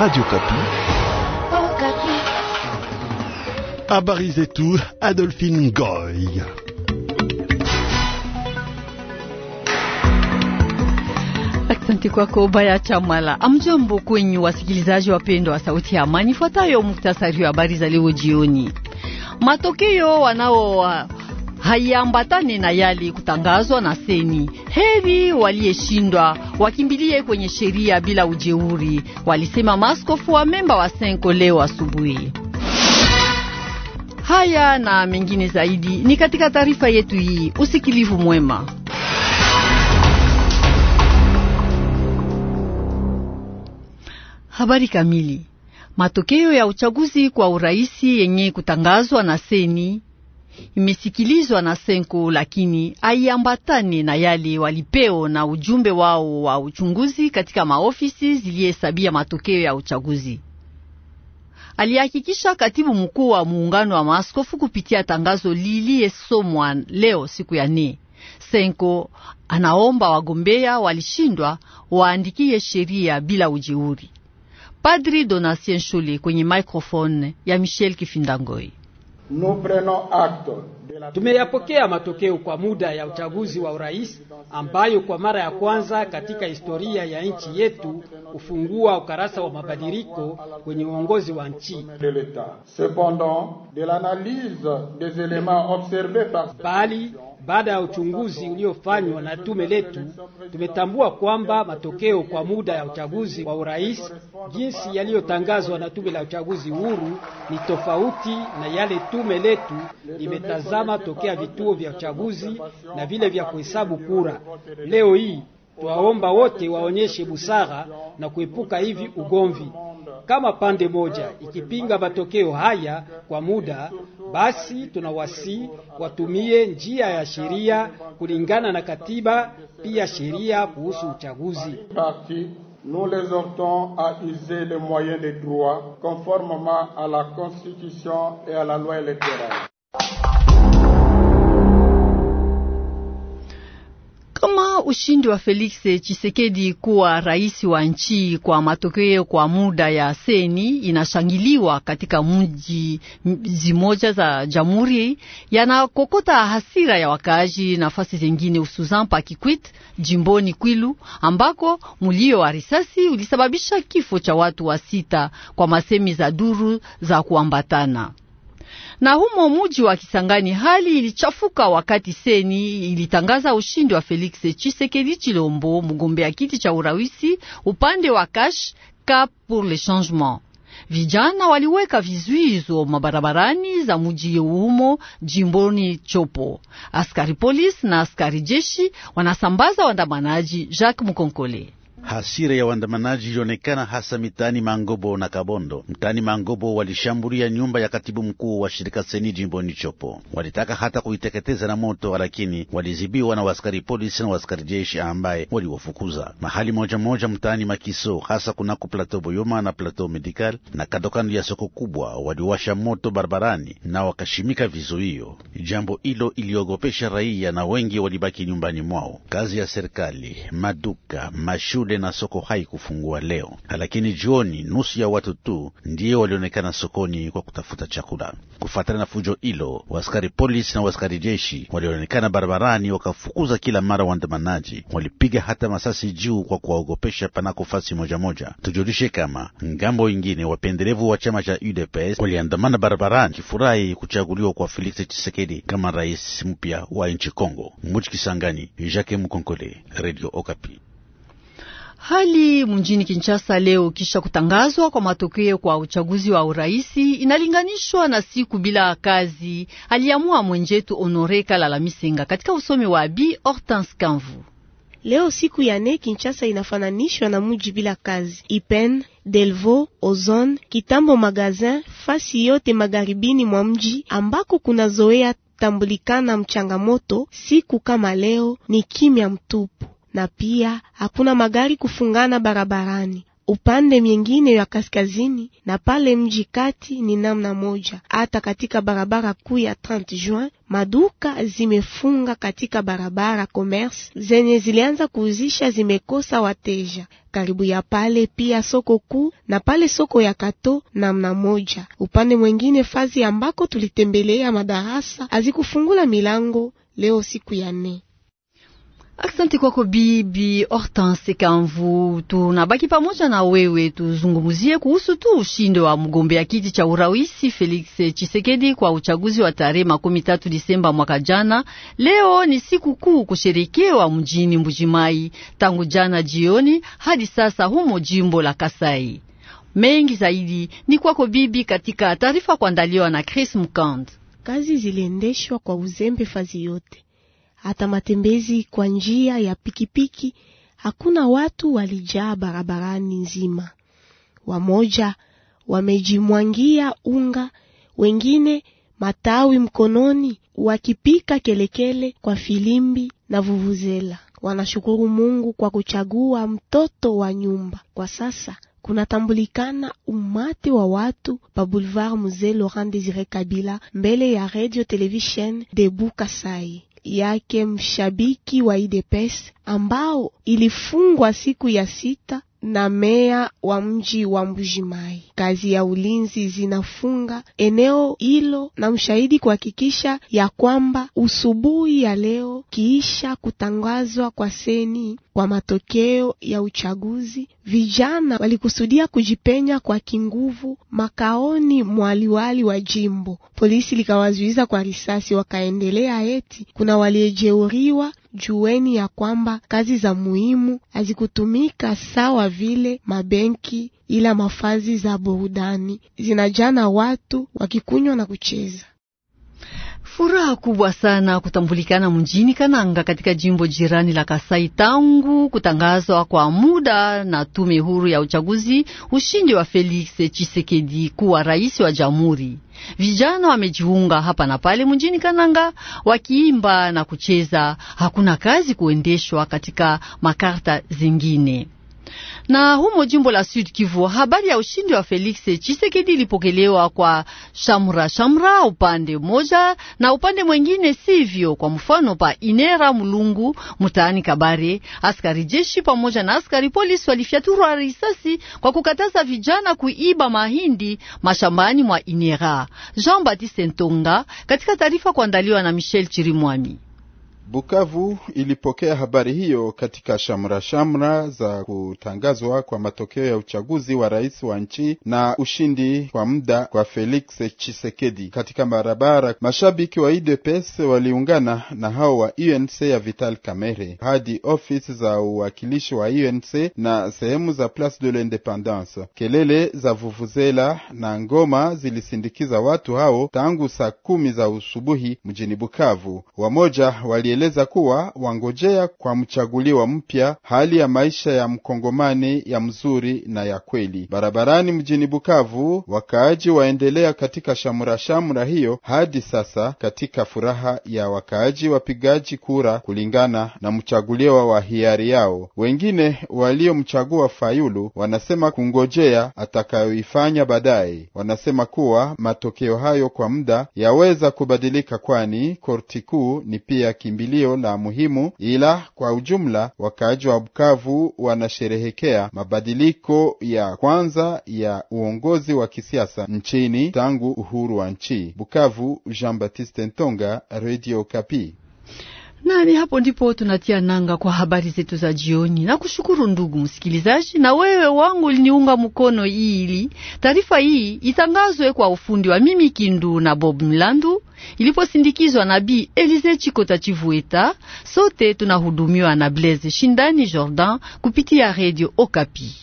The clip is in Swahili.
Radio Kapi. Habari oh, zetu, Adolphine Goy. Asante kwako Baya Chamala. Amjambo kwenyu wasikilizaji wapendwa wa Sauti ya Amani. Fuatayo muktasari wa habari za leo jioni. Matokeo wanao haiambatane na yale kutangazwa na seni. Heri waliyeshindwa wakimbilie kwenye sheria bila ujeuri, walisema maskofu wa memba wa Senko leo asubuhi. Haya na mengine zaidi ni katika taarifa yetu hii. Usikilivu mwema. Habari kamili. Matokeo ya uchaguzi kwa uraisi yenye kutangazwa na seni imesikilizwa na Senko, lakini haiambatani na yale walipeo na ujumbe wao wa uchunguzi katika maofisi ziliyesabia matokeo ya uchaguzi. Alihakikisha katibu mkuu wa muungano wa maaskofu kupitia tangazo liliyesomwa leo siku ya nne. Senko anaomba wagombea walishindwa waandikie sheria bila ujeuri. Padri Donatien Shule kwenye microphone ya Michel Kifindangoi. Tumeyapokea matokeo kwa muda ya uchaguzi wa urais ambayo kwa mara ya kwanza katika historia ya nchi yetu hufungua ukarasa wa mabadiliko kwenye uongozi wa nchi. Bali baada ya uchunguzi uliofanywa na tume letu, tumetambua kwamba matokeo kwa muda ya uchaguzi wa urais jinsi yaliyotangazwa na tume la uchaguzi huru ni tofauti na yale tume letu imetazama tokea vituo vya uchaguzi na vile vya kuhesabu kura. Leo hii Twaomba wote waonyeshe busara na kuepuka hivi ugomvi. Kama pande moja ikipinga matokeo haya kwa muda, basi tunawasi watumie njia ya sheria kulingana na katiba, pia sheria kuhusu uchaguzi. Nous les invitons à user les moyens de droit conformément à la Constitution et à la loi électorale. ushindi wa Felix chisekedi kuwa rais wa nchi kwa matokeo kwa muda ya seni inashangiliwa katika mji zimoja za jamhuri, yanakokota hasira ya wakaaji nafasi zengine, hususan pa Kikwit jimboni Kwilu ambako mulio wa risasi ulisababisha kifo cha watu wa sita kwa masemi za duru za kuambatana. Na humo muji wa Kisangani hali ilichafuka wakati seni ilitangaza ushindi wa Felix chisekedi Chilombo, mgombea kiti cha urawisi upande wa Kash Cap pour le changement. Vijana waliweka vizuizo mabarabarani za muji humo jimboni Chopo. Askari polisi na askari jeshi wanasambaza waandamanaji. Jacques Mukonkole Hasira ya waandamanaji ilionekana hasa mitaani Mangobo na Kabondo. Mtaani Mangobo walishambulia nyumba ya katibu mkuu wa shirika seni jimboni Chopo, walitaka hata kuiteketeza na moto, lakini walizibiwa na waskari polisi na waskari jeshi ambaye waliwafukuza. Mahali moja moja mtaani Makiso, hasa kunako plateau Boyoma na plateau Medical na kandokando ya soko kubwa, waliwasha moto barabarani na wakashimika vizuio. Jambo hilo iliogopesha raia na wengi walibaki nyumbani mwao. Kazi ya serikali, maduka, mashule na soko haikufungua leo, lakini jioni nusu ya watu tu ndiyo walionekana sokoni kwa kutafuta chakula. Kufuatana na fujo hilo, waskari polisi na waskari jeshi walionekana barabarani, wakafukuza kila mara waandamanaji, walipiga hata masasi juu kwa kuwaogopesha panako fasi moja moja. Tujulishe kama ngambo ingine wapendelevu wa chama cha UDPS waliandamana barabarani kifurahi kuchaguliwa kwa Felix Tshisekedi kama rais mpya wa nchi Kongo. Mujikisangani, Jacques Mkonkole, Radio Okapi. Hali mjini Kinshasa leo kisha kutangazwa kwa matokeo kwa uchaguzi wa uraisi inalinganishwa na siku bila kazi, aliamua mwenjetu Honore Kalala Misenga katika usomi wa Bi Hortense Kanvu. Leo siku ya nne Kinshasa inafananishwa na muji bila kazi. Ipen, delvo Ozone, Kitambo Magazin, fasi yote magharibini mwa mji ambako kuna zoea tambulikana mchangamoto, siku kama leo ni kimya mtupu na pia hakuna magari kufungana barabarani. Upande mwingine ya kaskazini na pale mji kati ni namna moja. Hata katika barabara kuu ya 30 Juin maduka zimefunga katika barabara. Commerce zenye zilianza kuuzisha zimekosa wateja karibu ya pale, pia soko kuu na pale soko ya Kato namna moja. Upande mwingine fazi ambako tulitembelea madarasa hazikufungula milango leo siku ya nne. Asante kwako Bibi Hortense Kamvu, tunabaki pamoja na wewe. Tuzungumzie kuhusu tu ushindi wa mgombea kiti cha urais Felix chisekedi kwa uchaguzi wa tarehe makumi tatu Disemba mwaka jana. Leo ni siku kuu kusherekewa mjini Mbujimai tangu jana jioni hadi sasa humo jimbo la Kasai. Mengi zaidi ni kwako bibi, katika taarifa kuandaliwa na Chris Mkand. Kazi ziliendeshwa kwa uzembe fazi yote hata matembezi kwa njia ya pikipiki hakuna watu, walijaa barabarani nzima. Wamoja wamejimwangia unga, wengine matawi mkononi, wakipika kelekele kwa filimbi na vuvuzela. Wanashukuru Mungu kwa kuchagua mtoto wa nyumba. Kwa sasa kunatambulikana umati wa watu pa Boulevard Mzee Laurent Desire Kabila mbele ya Radio Television de Kasai yake mshabiki wa UDPS e ambao ilifungwa siku ya sita na meya wa mji wa Mbujimai. Kazi ya ulinzi zinafunga eneo hilo na mshahidi kuhakikisha ya kwamba usubuhi ya leo kiisha kutangazwa kwa seni kwa matokeo ya uchaguzi, vijana walikusudia kujipenya kwa kinguvu makaoni mwaliwali wa jimbo. Polisi likawazuiza kwa risasi, wakaendelea eti kuna waliejeuriwa jueni ya kwamba kazi za muhimu hazikutumika sawa vile mabenki, ila mafazi za burudani zinajaa na watu wakikunywa na kucheza. Furaha kubwa sana kutambulikana mjini Kananga katika jimbo jirani la Kasai tangu kutangazwa kwa muda na tume huru ya uchaguzi ushindi wa Felix Tshisekedi kuwa rais wa jamhuri. Vijana wamejiunga hapa na pale mjini Kananga wakiimba na kucheza. Hakuna kazi kuendeshwa katika makarta zingine. Na humo jimbo la Sud Kivu, habari ya ushindi wa Felix chisekedi ilipokelewa kwa shamra shamra upande moja na upande mwengine sivyo. Kwa mfano, pa Inera Mulungu mtaani Kabare, askari jeshi pamoja na askari polisi walifyatura risasi kwa kukataza vijana kuiba mahindi mashambani mwa Inera. Jean Baptiste Ntonga katika taarifa kuandaliwa na Michel Chirimwami. Bukavu ilipokea habari hiyo katika shamra shamra za kutangazwa kwa matokeo ya uchaguzi wa rais wa nchi na ushindi kwa muda kwa Felix chisekedi Katika barabara, mashabiki wa UDPS waliungana na hao wa UNC ya Vital Kamerhe hadi ofisi za uwakilishi wa UNC na sehemu za Place de l'Independance. Kelele za vuvuzela na ngoma zilisindikiza watu hao tangu saa kumi za usubuhi mjini Bukavu. Wamoja walie anaeleza kuwa wangojea kwa mchaguliwa mpya hali ya maisha ya mkongomani ya mzuri na ya kweli. Barabarani mjini Bukavu, wakaaji waendelea katika shamrashamra hiyo hadi sasa, katika furaha ya wakaaji wapigaji kura kulingana na mchaguliwa wa hiari yao. Wengine waliomchagua Fayulu wanasema kungojea atakayoifanya baadaye. Wanasema kuwa matokeo hayo kwa muda yaweza kubadilika, kwani korti kuu ni pia kimbi kimbilio la muhimu, ila kwa ujumla wakaaji wa Bukavu wanasherehekea mabadiliko ya kwanza ya uongozi wa kisiasa nchini tangu uhuru wa nchi. Bukavu, Jean Baptiste Ntonga, Radio Kapi. Nani hapo ndipo tunatia nanga kwa habari zetu za jioni, na kushukuru ndugu msikilizaji, na wewe wangu uliniunga mkono ili taarifa hii itangazwe kwa ufundi wa mimi Kindu na Bob Mlandu iliposindikizwa na Bi Elize Chikota Chivueta. Sote tunahudumiwa na Blaise Shindani Jordan kupitia Radio Okapi.